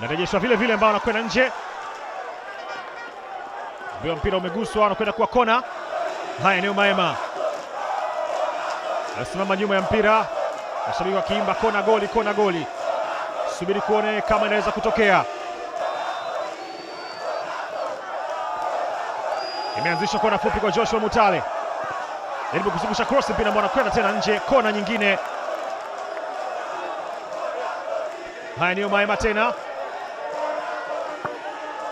narejeshwa vile vile, ambao anakwenda nje mbio, mpira umeguswa, anakwenda kuwa kona. Haya, eneo maema anasimama nyuma ya mpira, mashabiki wakiimba kona goli, kona goli. Subiri kuone kama inaweza kutokea. E Imeanzishwa kona fupi kwa Joshua Mutale, jaribu e kuzungusha cross, mpira ambao anakwenda tena nje, kona nyingine. Haya, ni Umaema tena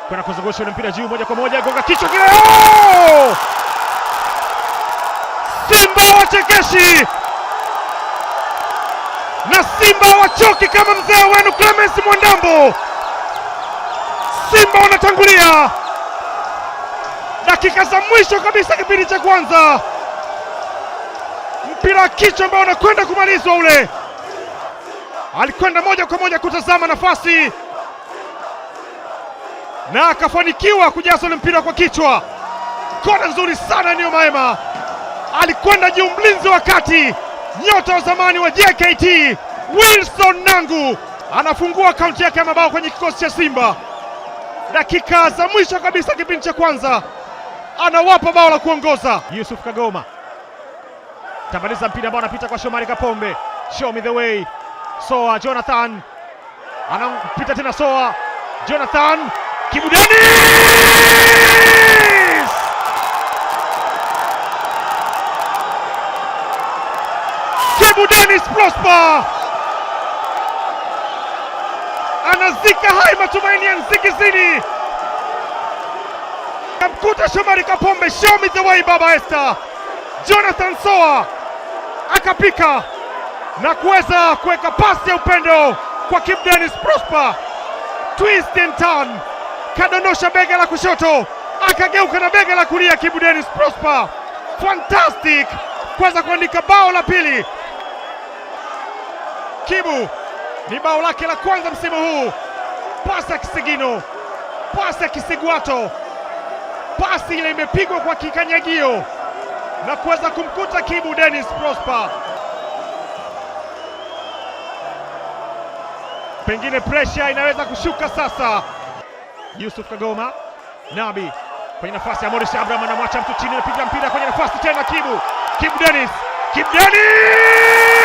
kwenda kuzungusha ule mpira juu moja kwa moja, gonga kichwa kile. Oh! Simba wachekeshi na Simba wachoki kama mzee wenu Clemens Mwandambo. Simba wanatangulia dakika za mwisho kabisa kipindi cha kwanza, mpira wa kichwa ambao unakwenda kumalizwa ule, alikwenda moja kwa moja kutazama nafasi na akafanikiwa kujaza ule mpira kwa kichwa. Kona nzuri sana niyo Maema alikwenda juu, mlinzi wa kati, nyota wa zamani wa JKT Wilson Nangu anafungua akaunti yake ya mabao kwenye kikosi cha Simba. Dakika za mwisho kabisa kipindi cha kwanza, anawapa bao la kuongoza. Yusuf Kagoma tambaliza mpira ambao anapita kwa Shomari Kapombe, show me the way. Soa Jonathan anampita tena, Soa Jonathan Kibu Denis! Kibu Denis Prosper anazika hai matumaini ya Nsingizini. Kamkuta Shomari Kapombe, show me the way, Baba Esta. Jonathan Soa akapika na kuweza kuweka pasi ya upendo kwa Kibu Denis Prosper, twist and turn kadondosha bega la kushoto, akageuka na bega la kulia. Kibu Denis Prosper fantastic, kwanza kuandika bao la pili. Kibu ni bao lake la kwanza msimu huu. Pasi ya kisigino, pasi ya kisigwato, pasi ile imepigwa kwa kikanyagio na kuweza kumkuta Kibu Denis Prosper. Pengine presha inaweza kushuka sasa. Yusuf Kagoma, Nabi kwenye nafasi ya Morris Abraham, anamwacha mtu chini, anapiga mpira kwenye nafasi tena, Kibu Kibu Dennis, Kibu Dennis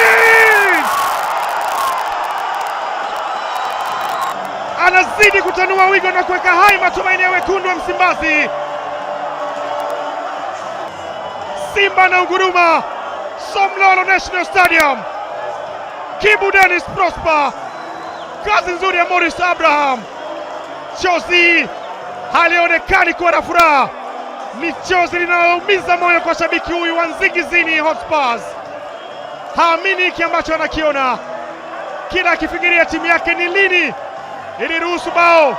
anazidi kutanua wigo na kuweka hai matumaini ya wekundu wa Msimbazi. Simba na uguruma Somlolo National Stadium. Kibu Dennis Prosper, kazi nzuri ya Morris Abraham. Chozi halionekani kuwa na furaha, ni chozi linaloumiza moyo kwa shabiki huyu wa Nsingizini Hotspurs. Haamini hiki ambacho anakiona, kila akifikiria timu yake ni lini iliruhusu bao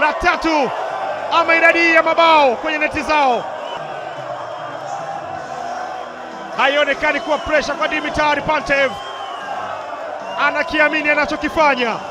la tatu ama idadi ya mabao kwenye neti zao. Haionekani kuwa presha kwa Dimitari Pantev, anakiamini anachokifanya.